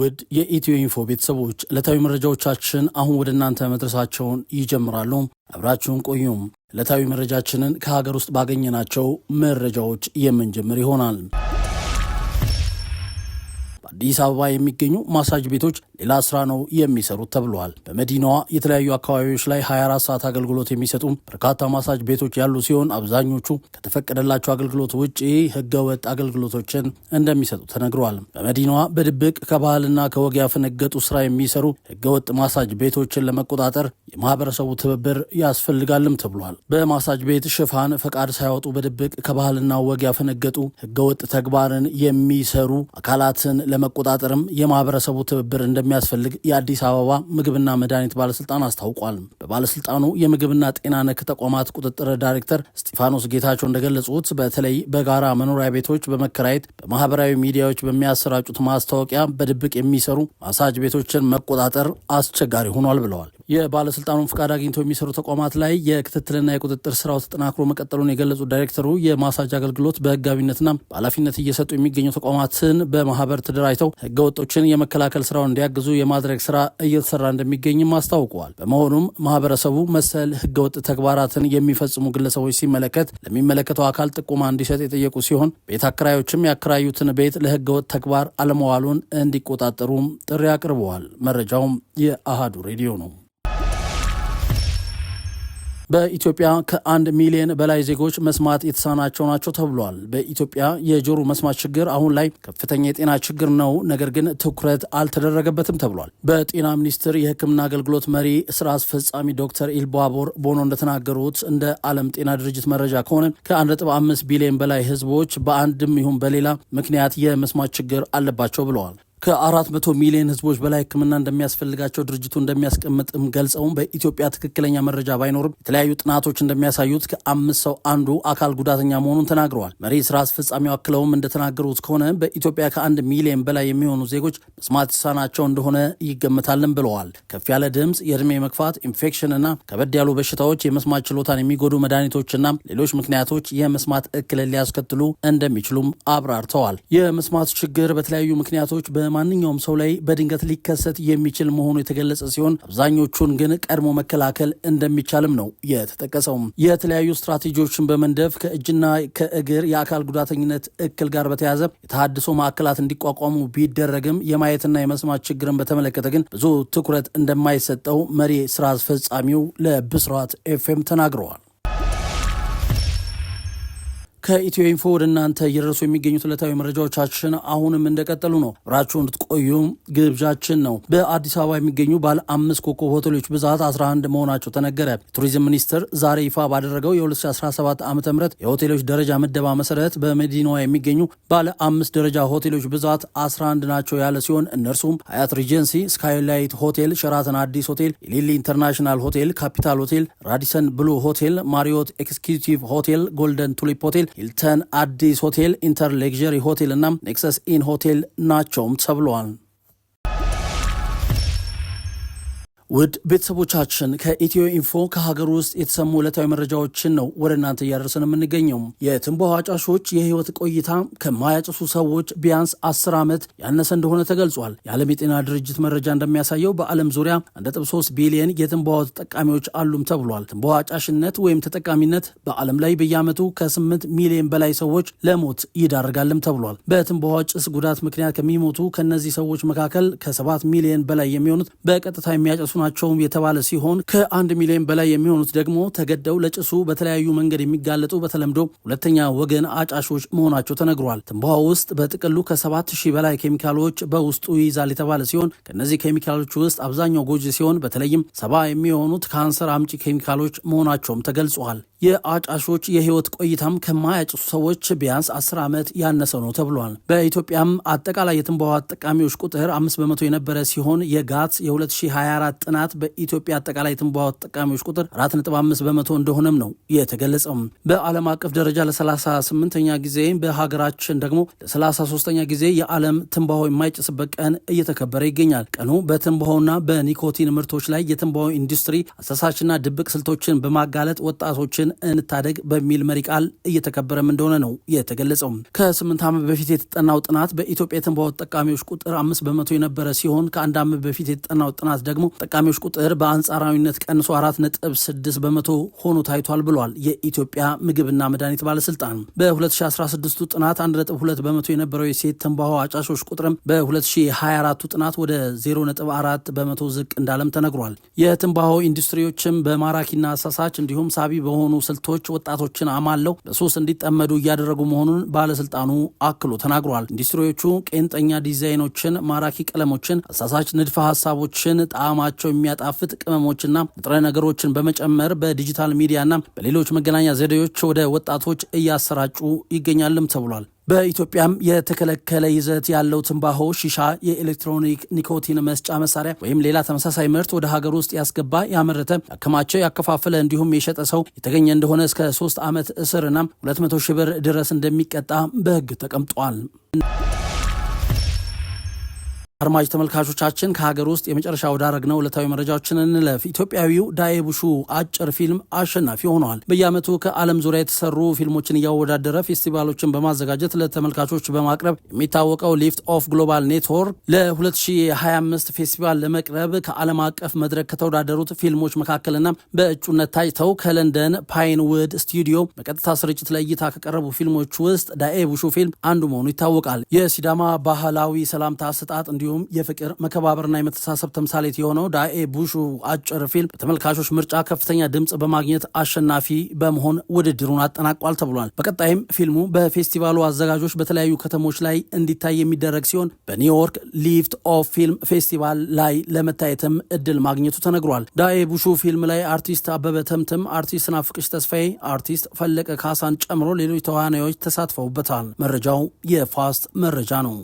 ውድ የኢትዮ ኢንፎ ቤተሰቦች ዕለታዊ መረጃዎቻችን አሁን ወደ እናንተ መድረሳቸውን ይጀምራሉ። አብራችሁን ቆዩም። ዕለታዊ መረጃችንን ከሀገር ውስጥ ባገኘናቸው መረጃዎች የምንጀምር ይሆናል። አዲስ አበባ የሚገኙ ማሳጅ ቤቶች ሌላ ስራ ነው የሚሰሩት ተብሏል። በመዲናዋ የተለያዩ አካባቢዎች ላይ 24 ሰዓት አገልግሎት የሚሰጡ በርካታ ማሳጅ ቤቶች ያሉ ሲሆን አብዛኞቹ ከተፈቀደላቸው አገልግሎት ውጭ ህገወጥ አገልግሎቶችን እንደሚሰጡ ተነግሯል። በመዲናዋ በድብቅ ከባህልና ከወግ ያፈነገጡ ስራ የሚሰሩ ህገወጥ ማሳጅ ቤቶችን ለመቆጣጠር የማህበረሰቡ ትብብር ያስፈልጋልም ተብሏል። በማሳጅ ቤት ሽፋን ፈቃድ ሳያወጡ በድብቅ ከባህልና ወግ ያፈነገጡ ህገወጥ ተግባርን የሚሰሩ አካላትን ለመ ለመቆጣጠርም የማህበረሰቡ ትብብር እንደሚያስፈልግ የአዲስ አበባ ምግብና መድኃኒት ባለስልጣን አስታውቋል። በባለስልጣኑ የምግብና ጤና ነክ ተቋማት ቁጥጥር ዳይሬክተር ስጢፋኖስ ጌታቸው እንደገለጹት በተለይ በጋራ መኖሪያ ቤቶች በመከራየት በማህበራዊ ሚዲያዎች በሚያሰራጩት ማስታወቂያ በድብቅ የሚሰሩ ማሳጅ ቤቶችን መቆጣጠር አስቸጋሪ ሆኗል ብለዋል። የባለስልጣኑን ፍቃድ አግኝቶ የሚሰሩ ተቋማት ላይ የክትትልና የቁጥጥር ስራው ተጠናክሮ መቀጠሉን የገለጹት ዳይሬክተሩ የማሳጅ አገልግሎት በህጋዊነትና በኃላፊነት እየሰጡ የሚገኙ ተቋማትን በማህበር ተደራጅተው ህገወጦችን የመከላከል ስራውን እንዲያግዙ የማድረግ ስራ እየተሰራ እንደሚገኝም አስታውቀዋል። በመሆኑም ማህበረሰቡ መሰል ህገወጥ ተግባራትን የሚፈጽሙ ግለሰቦች ሲመለከት ለሚመለከተው አካል ጥቆማ እንዲሰጥ የጠየቁ ሲሆን ቤት አከራዮችም ያከራዩትን ቤት ለህገወጥ ተግባር አለመዋሉን እንዲቆጣጠሩም ጥሪ አቅርበዋል። መረጃውም የአሃዱ ሬዲዮ ነው። በኢትዮጵያ ከአንድ ሚሊዮን በላይ ዜጎች መስማት የተሳናቸው ናቸው ተብሏል። በኢትዮጵያ የጆሮ መስማት ችግር አሁን ላይ ከፍተኛ የጤና ችግር ነው፣ ነገር ግን ትኩረት አልተደረገበትም ተብሏል። በጤና ሚኒስቴር የሕክምና አገልግሎት መሪ ስራ አስፈጻሚ ዶክተር ኢልባቦር ቦኖ እንደተናገሩት እንደ ዓለም ጤና ድርጅት መረጃ ከሆነ ከ1.5 ቢሊዮን በላይ ህዝቦች በአንድም ይሁን በሌላ ምክንያት የመስማት ችግር አለባቸው ብለዋል። ከ400 ሚሊዮን ህዝቦች በላይ ህክምና እንደሚያስፈልጋቸው ድርጅቱ እንደሚያስቀምጥም ገልጸውም በኢትዮጵያ ትክክለኛ መረጃ ባይኖርም የተለያዩ ጥናቶች እንደሚያሳዩት ከአምስት ሰው አንዱ አካል ጉዳተኛ መሆኑን ተናግረዋል። መሪ ስራ አስፈጻሚው አክለውም እንደተናገሩት ከሆነ በኢትዮጵያ ከአንድ ሚሊዮን በላይ የሚሆኑ ዜጎች መስማት የተሳናቸው እንደሆነ ይገምታልን ብለዋል። ከፍ ያለ ድምፅ፣ የእድሜ መግፋት፣ ኢንፌክሽን እና ከበድ ያሉ በሽታዎች፣ የመስማት ችሎታን የሚጎዱ መድኃኒቶችና ሌሎች ምክንያቶች የመስማት እክልን ሊያስከትሉ እንደሚችሉም አብራርተዋል። የመስማት ችግር በተለያዩ ምክንያቶች በ በማንኛውም ሰው ላይ በድንገት ሊከሰት የሚችል መሆኑ የተገለጸ ሲሆን አብዛኞቹን ግን ቀድሞ መከላከል እንደሚቻልም ነው የተጠቀሰው። የተለያዩ ስትራቴጂዎችን በመንደፍ ከእጅና ከእግር የአካል ጉዳተኝነት እክል ጋር በተያያዘ የተሃድሶ ማዕከላት እንዲቋቋሙ ቢደረግም የማየትና የመስማት ችግርን በተመለከተ ግን ብዙ ትኩረት እንደማይሰጠው መሪ ስራ አስፈጻሚው ለብስራት ኤፍኤም ተናግረዋል። ከኢትዮ ኢንፎ ወደ እናንተ እየደረሱ የሚገኙት ዕለታዊ መረጃዎቻችን አሁንም እንደቀጠሉ ነው። አብራችሁ እንድትቆዩ ግብዣችን ነው። በአዲስ አበባ የሚገኙ ባለ አምስት ኮከብ ሆቴሎች ብዛት 11 መሆናቸው ተነገረ። የቱሪዝም ሚኒስቴር ዛሬ ይፋ ባደረገው የ2017 ዓ ም የሆቴሎች ደረጃ ምደባ መሰረት በመዲናዋ የሚገኙ ባለ አምስት ደረጃ ሆቴሎች ብዛት 11 ናቸው ያለ ሲሆን እነርሱም ሀያት ሪጀንሲ፣ ስካይላይት ሆቴል፣ ሸራተን አዲስ ሆቴል፣ ኢሊሊ ኢንተርናሽናል ሆቴል፣ ካፒታል ሆቴል፣ ራዲሰን ብሉ ሆቴል፣ ማሪዮት ኤክስኪዩቲቭ ሆቴል፣ ጎልደን ቱሊፕ ሆቴል ሂልተን አዲስ ሆቴል፣ ኢንተር ሌክዠሪ ሆቴል እና ኔክሰስ ኢን ሆቴል ናቸውም ተብሏል። ውድ ቤተሰቦቻችን ከኢትዮ ኢንፎ ከሀገር ውስጥ የተሰሙ ዕለታዊ መረጃዎችን ነው ወደ እናንተ እያደረሰን የምንገኘው። የትንባሆ አጫሾች የህይወት ቆይታ ከማያጨሱ ሰዎች ቢያንስ አስር ዓመት ያነሰ እንደሆነ ተገልጿል። የዓለም የጤና ድርጅት መረጃ እንደሚያሳየው በዓለም ዙሪያ አንድ ነጥብ ሶስት ቢሊየን የትንባሆ ተጠቃሚዎች አሉም ተብሏል። ትንባሆ አጫሽነት ወይም ተጠቃሚነት በዓለም ላይ በየዓመቱ ከ8 ሚሊዮን በላይ ሰዎች ለሞት ይዳርጋልም ተብሏል። በትንባሆ ጭስ ጉዳት ምክንያት ከሚሞቱ ከእነዚህ ሰዎች መካከል ከሰባት ሚሊዮን በላይ የሚሆኑት በቀጥታ የሚያጨሱ ናቸውም የተባለ ሲሆን ከአንድ ሚሊዮን በላይ የሚሆኑት ደግሞ ተገደው ለጭሱ በተለያዩ መንገድ የሚጋለጡ በተለምዶ ሁለተኛ ወገን አጫሾች መሆናቸው ተነግሯል። ትንባሆ ውስጥ በጥቅሉ ከሰባት ሺህ በላይ ኬሚካሎች በውስጡ ይይዛል የተባለ ሲሆን ከእነዚህ ኬሚካሎች ውስጥ አብዛኛው ጎጂ ሲሆን በተለይም ሰባ የሚሆኑት ካንሰር አምጪ ኬሚካሎች መሆናቸውም ተገልጿል። የአጫሾች የህይወት ቆይታም ከማያጭሱ ሰዎች ቢያንስ አስር ዓመት ያነሰው ነው ተብሏል። በኢትዮጵያም አጠቃላይ የትንባሆ ተጠቃሚዎች ቁጥር 5 በመቶ የነበረ ሲሆን የጋት የ2024 ጥናት በኢትዮጵያ አጠቃላይ የትንባሆ ተጠቃሚዎች ቁጥር 4.5 በመቶ እንደሆነም ነው የተገለጸው። በዓለም አቀፍ ደረጃ ለ38ኛ ጊዜ በሀገራችን ደግሞ ለ33ኛ ጊዜ የዓለም ትንባሆ የማይጭስበት ቀን እየተከበረ ይገኛል። ቀኑ በትንባሆና በኒኮቲን ምርቶች ላይ የትንባሆ ኢንዱስትሪ አሳሳችና ድብቅ ስልቶችን በማጋለጥ ወጣቶችን እንታደግ በሚል መሪ ቃል እየተከበረም እንደሆነ ነው የተገለጸው። ከስምንት ዓመት በፊት የተጠናው ጥናት በኢትዮጵያ የትንባሆ ተጠቃሚዎች ቁጥር አምስት በመቶ የነበረ ሲሆን ከአንድ ዓመት በፊት የተጠናው ጥናት ደግሞ ተጠቃሚዎች ቁጥር በአንጻራዊነት ቀንሶ አራት ነጥብ ስድስት በመቶ ሆኖ ታይቷል ብሏል የኢትዮጵያ ምግብና መድኃኒት ባለስልጣን። በ2016ቱ ጥናት ሁለት በመቶ የነበረው የሴት ትንባሆ አጫሾች ቁጥርም በ 2024 ጥናት ወደ አራት በመቶ ዝቅ እንዳለም ተነግሯል። የትንባሆ ኢንዱስትሪዎችም በማራኪና አሳሳች እንዲሁም ሳቢ በሆኑ የሆኑ ስልቶች ወጣቶችን አማለው በሱስ እንዲጠመዱ እያደረጉ መሆኑን ባለስልጣኑ አክሎ ተናግሯል። ኢንዱስትሪዎቹ ቄንጠኛ ዲዛይኖችን፣ ማራኪ ቀለሞችን፣ አሳሳች ንድፈ ሀሳቦችን፣ ጣዕማቸው የሚያጣፍጥ ቅመሞችና ንጥረ ነገሮችን በመጨመር በዲጂታል ሚዲያና በሌሎች መገናኛ ዘዴዎች ወደ ወጣቶች እያሰራጩ ይገኛልም ተብሏል። በኢትዮጵያም የተከለከለ ይዘት ያለው ትንባሆ፣ ሺሻ፣ የኤሌክትሮኒክ ኒኮቲን መስጫ መሳሪያ ወይም ሌላ ተመሳሳይ ምርት ወደ ሀገር ውስጥ ያስገባ፣ ያመረተ፣ ያከማቸ፣ ያከፋፈለ እንዲሁም የሸጠ ሰው የተገኘ እንደሆነ እስከ ሶስት ዓመት እስርና ሁለት መቶ ሺህ ብር ድረስ እንደሚቀጣ በሕግ ተቀምጧል። አድማጭ ተመልካቾቻችን ከሀገር ውስጥ የመጨረሻ ወዳረግነው ዕለታዊ መረጃዎችን እንለፍ። ኢትዮጵያዊው ዳይቡሹ አጭር ፊልም አሸናፊ ሆነዋል። በየዓመቱ ከዓለም ዙሪያ የተሰሩ ፊልሞችን እያወዳደረ ፌስቲቫሎችን በማዘጋጀት ለተመልካቾች በማቅረብ የሚታወቀው ሊፍት ኦፍ ግሎባል ኔትወርክ ለ2025 ፌስቲቫል ለመቅረብ ከዓለም አቀፍ መድረክ ከተወዳደሩት ፊልሞች መካከልና በእጩነት ታይተው ከለንደን ፓይንውድ ስቱዲዮ በቀጥታ ስርጭት ለእይታ ከቀረቡ ፊልሞች ውስጥ ቡሹ ፊልም አንዱ መሆኑ ይታወቃል። የሲዳማ ባህላዊ ሰላምታ አሰጣጥ እንዲሁ እንዲሁም የፍቅር መከባበርና የመተሳሰብ ተምሳሌት የሆነው ዳኤ ቡሹ አጭር ፊልም በተመልካቾች ምርጫ ከፍተኛ ድምፅ በማግኘት አሸናፊ በመሆን ውድድሩን አጠናቋል ተብሏል። በቀጣይም ፊልሙ በፌስቲቫሉ አዘጋጆች በተለያዩ ከተሞች ላይ እንዲታይ የሚደረግ ሲሆን በኒውዮርክ ሊፍት ኦፍ ፊልም ፌስቲቫል ላይ ለመታየትም እድል ማግኘቱ ተነግሯል። ዳኤ ቡሹ ፊልም ላይ አርቲስት አበበ ተምትም፣ አርቲስት ናፍቅሽ ተስፋዬ፣ አርቲስት ፈለቀ ካሳን ጨምሮ ሌሎች ተዋናዮች ተሳትፈውበታል። መረጃው የፋስት መረጃ ነው።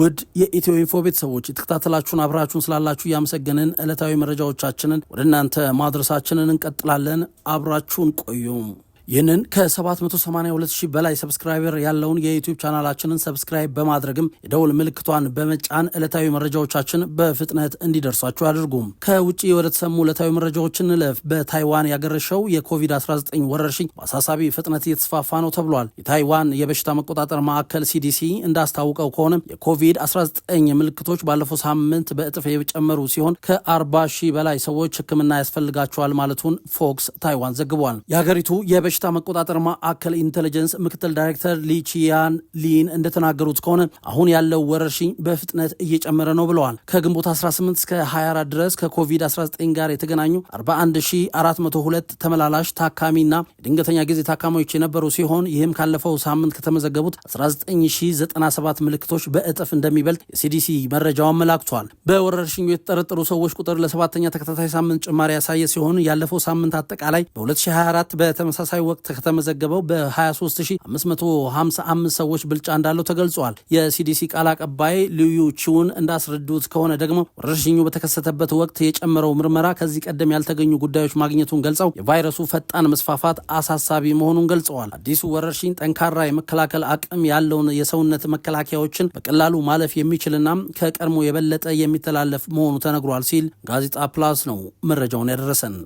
ውድ የኢትዮ ኢንፎ ቤተሰቦች የተከታተላችሁን አብራችሁን ስላላችሁ እያመሰገንን ዕለታዊ መረጃዎቻችንን ወደ እናንተ ማድረሳችንን እንቀጥላለን። አብራችሁን ቆዩም ይህንን ከ782 ሺህ በላይ ሰብስክራይበር ያለውን የዩቲዩብ ቻናላችንን ሰብስክራይብ በማድረግም የደውል ምልክቷን በመጫን ዕለታዊ መረጃዎቻችን በፍጥነት እንዲደርሷችሁ አድርጉም። ከውጭ ወደ ተሰሙ ዕለታዊ መረጃዎች እንለፍ። በታይዋን ያገረሸው የኮቪድ-19 ወረርሽኝ በአሳሳቢ ፍጥነት እየተስፋፋ ነው ተብሏል። የታይዋን የበሽታ መቆጣጠር ማዕከል ሲዲሲ እንዳስታውቀው ከሆነ የኮቪድ-19 ምልክቶች ባለፈው ሳምንት በእጥፍ የጨመሩ ሲሆን ከ40 ሺህ በላይ ሰዎች ሕክምና ያስፈልጋቸዋል ማለቱን ፎክስ ታይዋን ዘግቧል። የሀገሪቱ በሽታ መቆጣጠር ማዕከል ኢንቴሊጀንስ ምክትል ዳይሬክተር ሊቺያን ሊን እንደተናገሩት ከሆነ አሁን ያለው ወረርሽኝ በፍጥነት እየጨመረ ነው ብለዋል። ከግንቦት 18 እስከ 24 ድረስ ከኮቪድ-19 ጋር የተገናኙ 41402 ተመላላሽ ታካሚና የድንገተኛ ጊዜ ታካሚዎች የነበሩ ሲሆን ይህም ካለፈው ሳምንት ከተመዘገቡት 19097 ምልክቶች በእጥፍ እንደሚበልጥ የሲዲሲ መረጃው አመላክቷል። በወረርሽኙ የተጠረጠሩ ሰዎች ቁጥር ለሰባተኛ ተከታታይ ሳምንት ጭማሪ ያሳየ ሲሆን ያለፈው ሳምንት አጠቃላይ በ2024 በተመሳሳይ ወቅት ከተመዘገበው በ23555 ሰዎች ብልጫ እንዳለው ተገልጿል። የሲዲሲ ቃል አቀባይ ልዩ ቺውን እንዳስረዱት ከሆነ ደግሞ ወረርሽኙ በተከሰተበት ወቅት የጨመረው ምርመራ ከዚህ ቀደም ያልተገኙ ጉዳዮች ማግኘቱን ገልጸው የቫይረሱ ፈጣን መስፋፋት አሳሳቢ መሆኑን ገልጸዋል። አዲሱ ወረርሽኝ ጠንካራ የመከላከል አቅም ያለውን የሰውነት መከላከያዎችን በቀላሉ ማለፍ የሚችልና ከቀድሞ የበለጠ የሚተላለፍ መሆኑ ተነግሯል ሲል ጋዜጣ ፕላስ ነው መረጃውን ያደረሰን።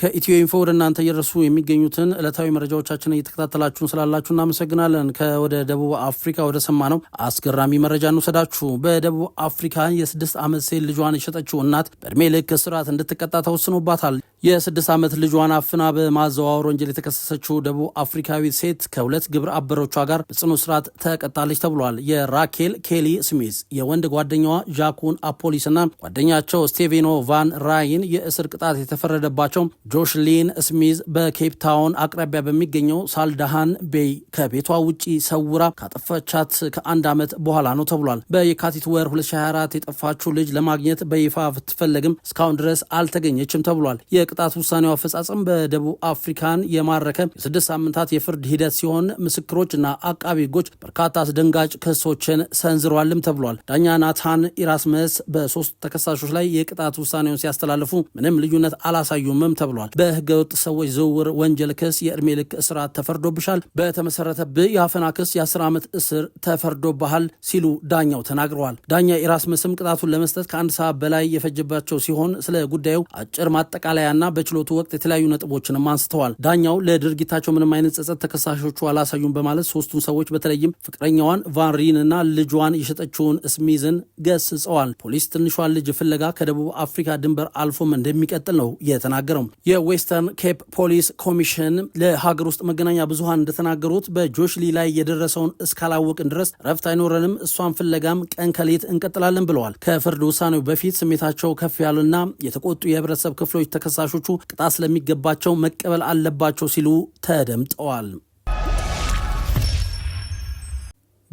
ከኢትዮ ኢንፎ ወደ እናንተ እየደረሱ የሚገኙትን ዕለታዊ መረጃዎቻችን እየተከታተላችሁን ስላላችሁ እናመሰግናለን። ከወደ ደቡብ አፍሪካ ወደ ሰማ ነው አስገራሚ መረጃ እንውሰዳችሁ። በደቡብ አፍሪካ የስድስት ዓመት ሴት ልጇን የሸጠችው እናት በእድሜ ልክ እስራት እንድትቀጣ ተወስኖባታል። የስድስት ዓመት ልጇን አፍና በማዘዋወር ወንጀል የተከሰሰችው ደቡብ አፍሪካዊት ሴት ከሁለት ግብረ አበሮቿ ጋር በጽኑ እስራት ተቀጣለች ተብሏል። የራኬል ኬሊ ስሚዝ የወንድ ጓደኛዋ ዣኩን አፖሊስና ጓደኛቸው ስቴቬኖ ቫን ራይን የእስር ቅጣት የተፈረደባቸው ጆሽሊን ስሚዝ በኬፕ ታውን አቅራቢያ በሚገኘው ሳልዳሃን ቤይ ከቤቷ ውጪ ሰውራ ካጠፈቻት ከአንድ ዓመት በኋላ ነው ተብሏል። በየካቲት ወር 2024 የጠፋችው ልጅ ለማግኘት በይፋ ብትፈለግም እስካሁን ድረስ አልተገኘችም ተብሏል። የቅጣት ውሳኔው አፈጻጸም በደቡብ አፍሪካን የማረከ የስድስት ሳምንታት የፍርድ ሂደት ሲሆን ምስክሮች እና አቃቢ ህጎች በርካታ አስደንጋጭ ክሶችን ሰንዝረዋልም ተብሏል። ዳኛ ናታን ኢራስመስ በሶስት ተከሳሾች ላይ የቅጣት ውሳኔውን ሲያስተላልፉ ምንም ልዩነት አላሳዩምም ተብሏል። በህገወጥ ሰዎች ዝውውር ወንጀል ክስ የእድሜ ልክ እስራት ተፈርዶብሻል፣ በተመሰረተብህ የአፈና ክስ የአስር ዓመት እስር ተፈርዶብሃል ሲሉ ዳኛው ተናግረዋል። ዳኛ ኢራስመስም ቅጣቱን ለመስጠት ከአንድ ሰዓት በላይ የፈጀባቸው ሲሆን ስለ ጉዳዩ አጭር ማጠቃለያ ዳኛና በችሎቱ ወቅት የተለያዩ ነጥቦችንም አንስተዋል። ዳኛው ለድርጊታቸው ምንም አይነት ጸጸት ተከሳሾቹ አላሳዩም በማለት ሶስቱን ሰዎች በተለይም ፍቅረኛዋን ቫንሪንና ልጇን የሸጠችውን ስሚዝን ገስጸዋል። ፖሊስ ትንሿን ልጅ ፍለጋ ከደቡብ አፍሪካ ድንበር አልፎም እንደሚቀጥል ነው የተናገረው። የዌስተርን ኬፕ ፖሊስ ኮሚሽን ለሀገር ውስጥ መገናኛ ብዙሃን እንደተናገሩት በጆሽሊ ላይ የደረሰውን እስካላወቅን ድረስ ረፍት አይኖረንም፣ እሷን ፍለጋም ቀን ከሌት እንቀጥላለን ብለዋል። ከፍርድ ውሳኔው በፊት ስሜታቸው ከፍ ያሉና የተቆጡ የህብረተሰብ ክፍሎች ተከሳ ተከሳሾቹ ቅጣት ስለሚገባቸው መቀበል አለባቸው ሲሉ ተደምጠዋል።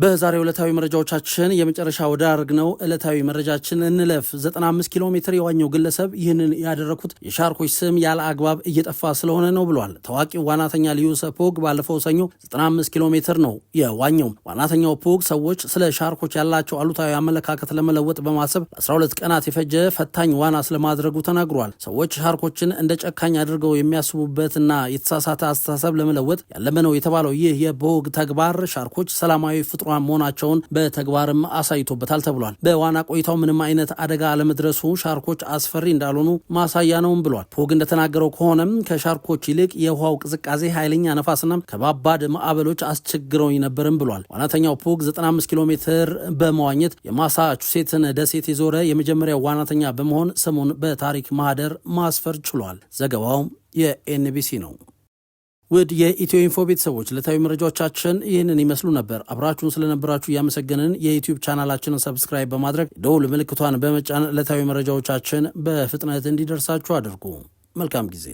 በዛሬ ዕለታዊ መረጃዎቻችን የመጨረሻ አርግ ነው። ዕለታዊ መረጃችን እንለፍ። 95 ኪሎ ሜትር የዋኘው ግለሰብ ይህንን ያደረኩት የሻርኮች ስም ያለ አግባብ እየጠፋ ስለሆነ ነው ብሏል። ታዋቂው ዋናተኛ ልዩሰ ፖግ ባለፈው ሰኞ 95 ኪሎ ሜትር ነው የዋኘው። ዋናተኛው ፖግ ሰዎች ስለ ሻርኮች ያላቸው አሉታዊ አመለካከት ለመለወጥ በማሰብ ለ12 ቀናት የፈጀ ፈታኝ ዋና ስለማድረጉ ተናግሯል። ሰዎች ሻርኮችን እንደ ጨካኝ አድርገው የሚያስቡበትና የተሳሳተ አስተሳሰብ ለመለወጥ ያለመነው ነው የተባለው ይህ የፖግ ተግባር ሻርኮች ሰላማዊ ፍጡ ፈጥሯን መሆናቸውን በተግባርም አሳይቶበታል ተብሏል። በዋና ቆይታው ምንም አይነት አደጋ አለመድረሱ ሻርኮች አስፈሪ እንዳልሆኑ ማሳያ ነውም ብሏል። ፖግ እንደተናገረው ከሆነም ከሻርኮች ይልቅ የውሃው ቅዝቃዜ፣ ኃይለኛ ነፋስና ከባባድ ማዕበሎች አስቸግረውኝ ነበርም ብሏል። ዋናተኛው ፖግ 95 ኪሎ ሜትር በመዋኘት የማሳቹሴትን ደሴት የዞረ የመጀመሪያው ዋናተኛ በመሆን ስሙን በታሪክ ማህደር ማስፈር ችሏል። ዘገባውም የኤንቢሲ ነው። ውድ የኢትዮ ኢንፎ ቤተሰቦች ዕለታዊ መረጃዎቻችን ይህንን ይመስሉ ነበር። አብራችሁን ስለነበራችሁ እያመሰገንን የዩትዩብ ቻናላችንን ሰብስክራይብ በማድረግ ደውል ምልክቷን በመጫን ዕለታዊ መረጃዎቻችን በፍጥነት እንዲደርሳችሁ አድርጉ። መልካም ጊዜ